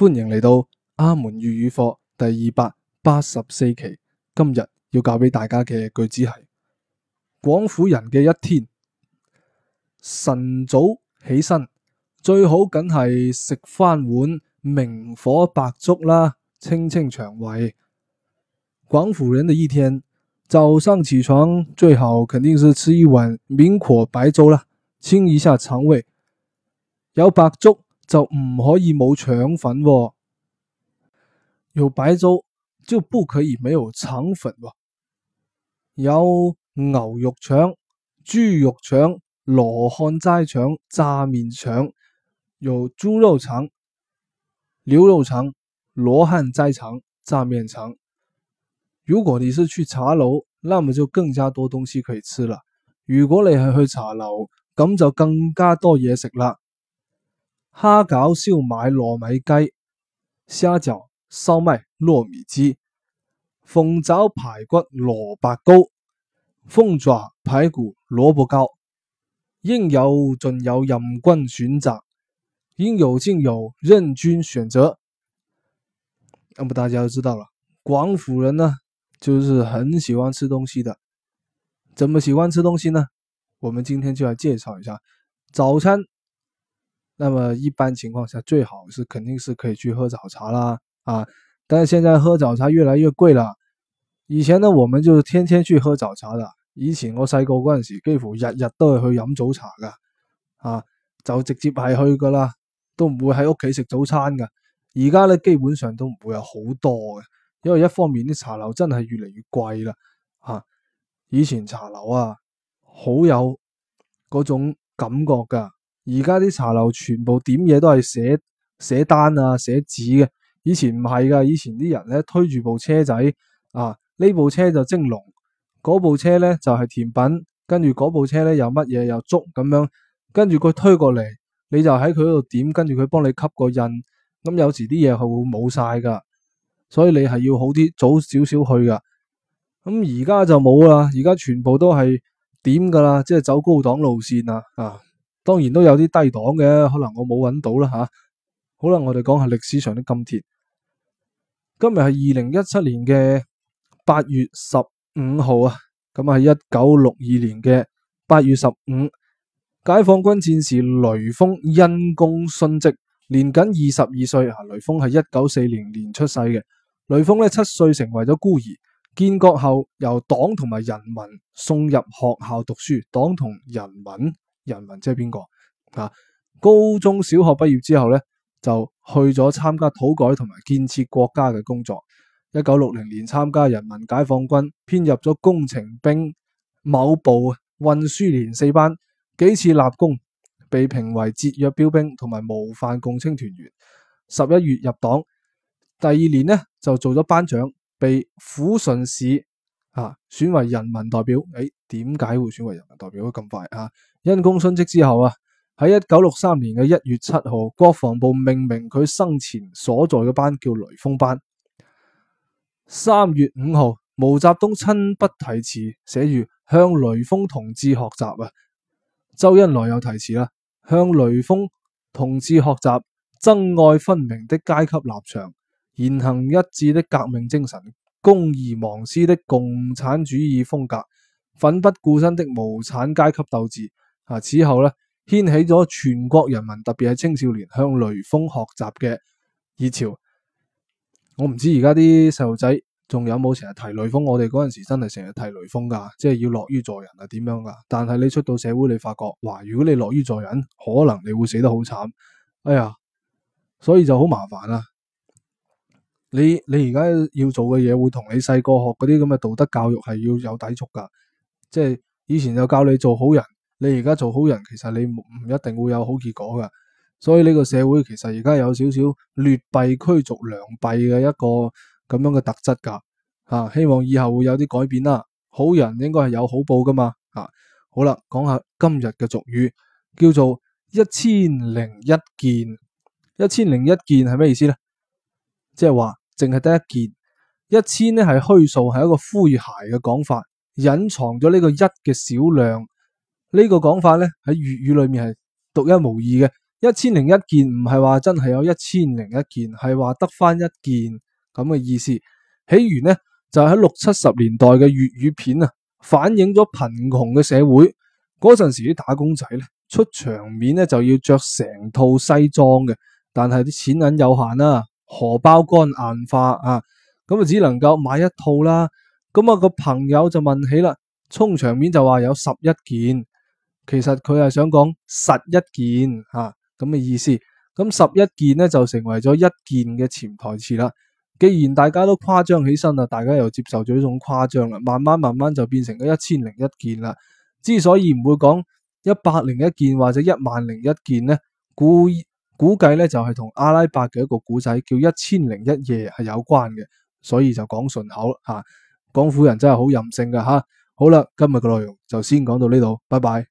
歡迎嚟到阿門粵語課第二百八十四期。今日要教俾大家嘅句子係：廣府人嘅一天，晨早起身最好，梗係食翻碗明火白粥啦，清清腸胃。廣府人嘅一天，早上起床最好，肯定是吃一碗明火白粥啦，清一下腸胃。有白粥，就唔可以冇腸粉喎，有白粥就不可以沒有腸粉喎，哦。有牛肉腸、豬肉腸、羅漢齋腸、炸麵腸，有豬肉腸、牛肉腸、羅漢齋腸、炸麵腸。如果你是去茶樓，那麼就更加多東西可以吃了；如果你係去茶樓，咁就更加多嘢食喇。蝦餃、燒賣、糯米雞，蝦餃、燒賣、糯米雞，鳳爪、排骨、蘿蔔糕，鳳爪、排骨、蘿蔔糕，應有盡有、任君選擇，應有盡有、任君選擇。那麼大家就知道了，廣府人呢，就是很喜歡吃東西的。怎麼喜歡吃東西呢？我們今天就來介紹一下早餐。那麼一般情況下，最好是肯定是可以去喝早茶啦，啊！但是現在喝早茶越來越貴啦。以前呢，我們就天天去喝早茶啦。以前我細個嗰陣時，幾乎日日都係去飲早茶噶，啊，就直接係去噶啦，都唔會喺屋企食早餐噶。而家咧，基本上都唔會有好多嘅，因為一方面啲茶樓真係越嚟越貴啦，啊，以前茶樓啊，好有嗰種感覺噶。而家啲茶樓全部點嘢都係寫寫單啊，寫紙嘅。以前唔係㗎，以前啲人咧推住部車仔啊，呢部車就蒸籠，嗰部車咧就係、是、甜品，跟住嗰部車咧又乜嘢又粥咁樣，跟住佢推過嚟，你就喺佢嗰度點，跟住佢幫你吸個印。咁、嗯、有時啲嘢係會冇晒㗎，所以你係要好啲早少少去㗎。咁而家就冇啦，而家全部都係點㗎啦，即係走高檔路線啦啊！當然都有啲低檔嘅，可能我冇揾到啦吓。好啦，我哋講下歷史上的今天。今日係二零一七年嘅八月十五號啊，咁係一九六二年嘅八月十五，解放軍戰士雷鋒因公殉職，年僅二十二歲啊。雷鋒係一九四零年出世嘅，雷鋒咧七歲成為咗孤兒，建國後由黨同埋人民送入學校讀書，黨同人民。人民即係邊個啊？高中小學畢業之後咧，就去咗參加土改同埋建設國家嘅工作。一九六零年參加人民解放軍，編入咗工程兵某部運輸連四班，幾次立功，被評為節約標兵同埋模範共青團員。十一月入黨，第二年呢，就做咗班長，被撫順市啊選為人民代表。哎！點解會選為人民代表咁快啊？因公殉職之後啊，喺一九六三年嘅一月七號，國防部命名佢生前所在嘅班叫雷鋒班。三月五號，毛澤東親筆題詞，寫住向雷鋒同志學習啊。周恩來又題詞啦，向雷鋒同志學習，憎愛分明的階級立場，言行一致的革命精神，公而忘私的共產主義風格。奮不顧身的無產階級鬥志啊！此後咧，掀起咗全國人民，特別係青少年向雷鋒學習嘅熱潮。我唔知而家啲細路仔仲有冇成日提雷鋒。我哋嗰陣時真係成日提雷鋒噶，即係要樂於助人啊，點樣噶？但係你出到社會，你發覺哇，如果你樂於助人，可能你會死得好慘。哎呀，所以就好麻煩啦。你你而家要做嘅嘢，會同你細個學嗰啲咁嘅道德教育係要有抵觸噶。即係以前就教你做好人，你而家做好人，其實你唔一定會有好結果噶。所以呢個社會其實而家有少少劣幣驅逐良幣嘅一個咁樣嘅特質噶。吓、啊，希望以後會有啲改變啦。好人應該係有好報噶嘛。吓、啊，好啦，講下今日嘅俗語，叫做一千零一件。一千零一件係咩意思咧？即係話淨係得一件，一千咧係虛數，係一個詼諧嘅講法。隱藏咗呢個一嘅少量，呢、呢個講法呢，喺粵語裏面係獨一無二嘅。一千零一件唔係話真係有一千零一件，係話得翻一件咁嘅意思。起源呢，就喺、是、六七十年代嘅粵語片啊，反映咗貧窮嘅社會。嗰陣時啲打工仔呢，出場面呢就要着成套西裝嘅，但係啲錢銀有限啦、啊，荷包乾硬化啊，咁啊只能夠買一套啦。咁啊，個朋友就問起啦，充場面就話有十一件，其實佢係想講十一件啊，咁嘅意思。咁十一件呢就成為咗一件嘅潛台詞啦。既然大家都誇張起身啦，大家又接受咗呢種誇張啦，慢慢慢慢就變成咗一千零一件啦。之所以唔會講一百零一件或者一萬零一件呢，估估計呢就係同阿拉伯嘅一個古仔叫《一千零一夜》係有關嘅，所以就講順口啦。啊廣府人真係好任性噶吓，好啦，今日嘅內容就先講到呢度，拜拜。